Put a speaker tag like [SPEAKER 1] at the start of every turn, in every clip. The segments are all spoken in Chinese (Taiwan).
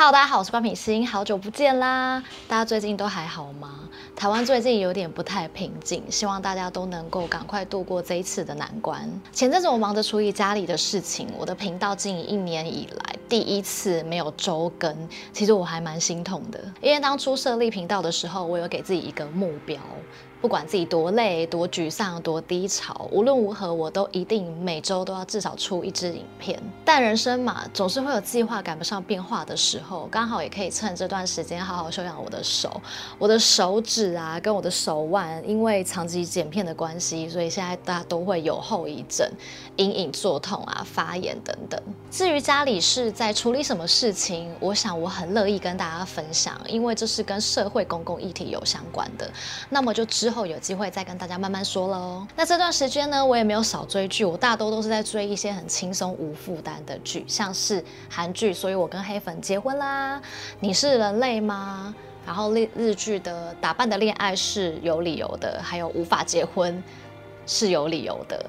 [SPEAKER 1] Hello，大家好，我是官品心，好久不見啦！大家最近都還好嗎？台灣最近有點不太平靜，希望大家都能夠趕快度過這一次的難關。前陣子我忙着處理家裡的事情，我的頻道近一年以來第一次沒有週更，其實我還蠻心痛的。因為當初設立頻道的時候，我有給自己一個目標，不管自己多累、多沮喪、多低潮，無論如何，我都一定每週都要至少出一支影片。但人生嘛，總是會有計劃趕不上變化的時候。剛好也可以趁這段時間好好休養我的手，我的手指啊，跟我的手腕，因為長期剪片的關係，所以現在大家都會有後遺症，隱隱作痛啊，發炎等等。至於家裡是在處理什麼事情，我想我很樂意跟大家分享，因為這是跟社會公共議題有相關的，那麼就之後有機會再跟大家慢慢說了哦。那這段時間呢，我也沒有少追劇，我大多都是在追一些很輕鬆無負擔的劇，像是韓劇，所以我跟黑粉結婚啦，你是人類嗎？然後日劇的打扮的戀愛是有理由的，還有無法結婚是有理由的。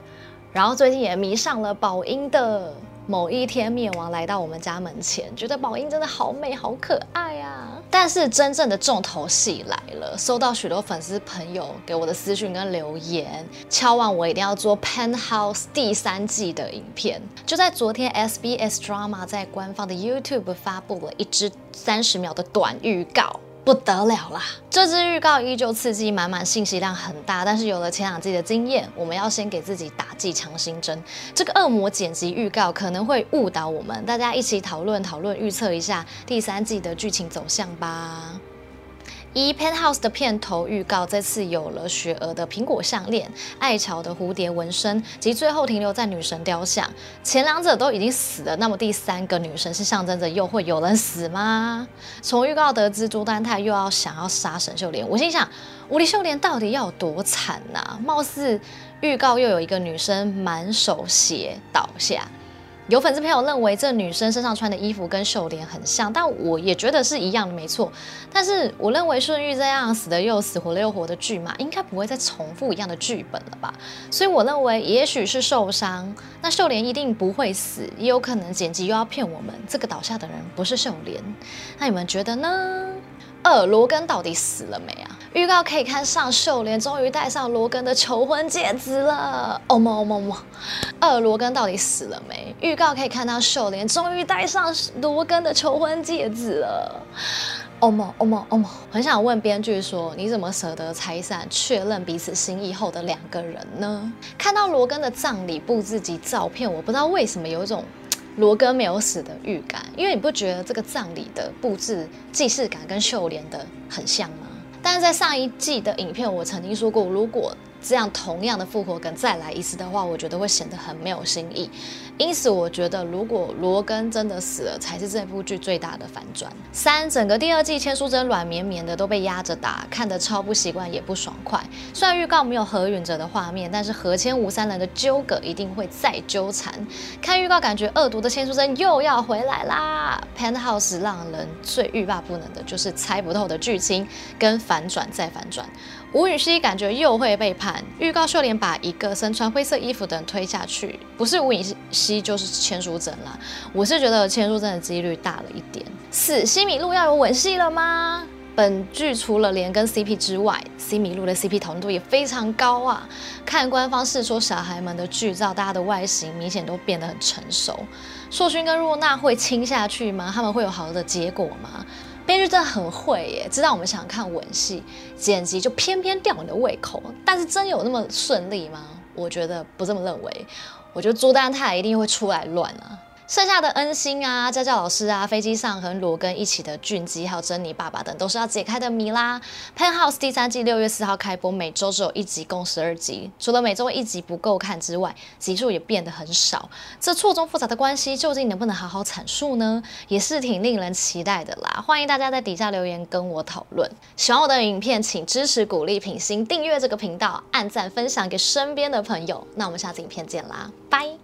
[SPEAKER 1] 然後最近也迷上了寶英的。某一天，滅亡來到我們家門前，覺得寶英真的好美、好可愛啊。但是真正的重頭戲來了，收到許多粉絲朋友給我的私訊跟留言，敲碗我一定要做《Penthouse》第三季的影片。就在昨天，SBS Drama 在官方的 YouTube 發布了一支三十秒的短預告。不得了啦！這支預告依舊刺激，滿滿信息量很大。但是有了前兩季的經驗，我們要先給自己打劑強心針。這個惡魔剪輯預告可能會誤導我們，大家一起討論討論，預測一下第三季的劇情走向吧。以《Penthouse》的片頭預告，這次有了雪娥的蘋果項鏈、愛嬌的蝴蝶紋身，及最後停留在女神雕像。前兩者都已經死了，那麼第三個女神是象徵着又會有人死嗎？從預告得知，朱丹泰又要想要殺沈秀蓮，我心想，吳麗秀蓮到底要多慘吶、啊？貌似預告又有一個女生滿手血倒下。有粉絲朋友認為這女生身上穿的衣服跟秀蓮很像，但我也覺得是一樣的，沒錯。但是我認為順玉這樣死的又死，活的又活的劇嘛，應該不會再重複一樣的劇本了吧？所以我認為也許是受傷，那秀蓮一定不會死，也有可能剪輯又要騙我們，這個倒下的人不是秀蓮。那你們覺得呢？二、呃、羅根到底死了沒啊？預告可以看上秀蓮終於戴上羅根的求婚戒指了，哦麼哦麼麼！二，羅根到底死了沒？預告可以看到秀蓮終於戴上羅根的求婚戒指了，哦麼哦麼哦麼！很想問編劇說，你怎麼捨得拆散確認彼此心意後的兩個人呢？看到羅根的葬禮佈置及照片，我不知道為什麼有一種羅根沒有死的預感，因為你不覺得這個葬禮的佈置、既視感跟秀蓮的很像嗎？但在上一季的影片，我曾經說過，如果，這樣同樣的復活梗再來一次的話，我覺得會顯得很沒有新意。因此，我覺得如果羅根真的死了，才是這部劇最大的反轉。三，整個第二季千書真軟綿綿的都被壓着打，看得超不習慣也不爽快。雖然預告沒有河允哲的畫面，但是河千吳三人的糾葛一定會再糾纏。看預告感覺惡毒的千書真又要回來啦！Penthouse 讓人最欲罷不能的就是猜不透的劇情跟反轉再反轉。吳允熙感覺又會背叛。預告，秀蓮把一個身穿灰色衣服的人推下去，不是吳允熙就是千書真了。我是覺得千書真的幾率大了一點。四，錫米露要有吻戲了嗎？本劇除了蓮根 CP 之外，錫米露的 CP 討論度也非常高啊。看官方釋出小孩們的劇照，大家的外形明顯都變得很成熟。錫勳跟若娜會親下去嗎？他們會有好的結果嗎？編劇真的很會耶，知道我們想看吻戲，剪輯就偏偏吊你的胃口。但是真有那麼順利嗎？我覺得不這麼認為。我覺得朱丹泰也一定會出來亂啊。剩下的恩星啊，家教老師啊，飛機上和羅根一起的俊基，還有珍妮爸爸等，都是要解開的謎啦。Penthouse 第三季六月四號開播，每周只有一集，共十二集。除了每周一集不夠看之外，集數也變得很少。這錯綜複雜的關係，究竟能不能好好闡述呢？也是挺令人期待的啦。歡迎大家在底下留言跟我討論。喜歡我的影片，請支持鼓勵品心、訂閱這個頻道，按讚分享給身邊的朋友。那我們下次影片見啦，拜。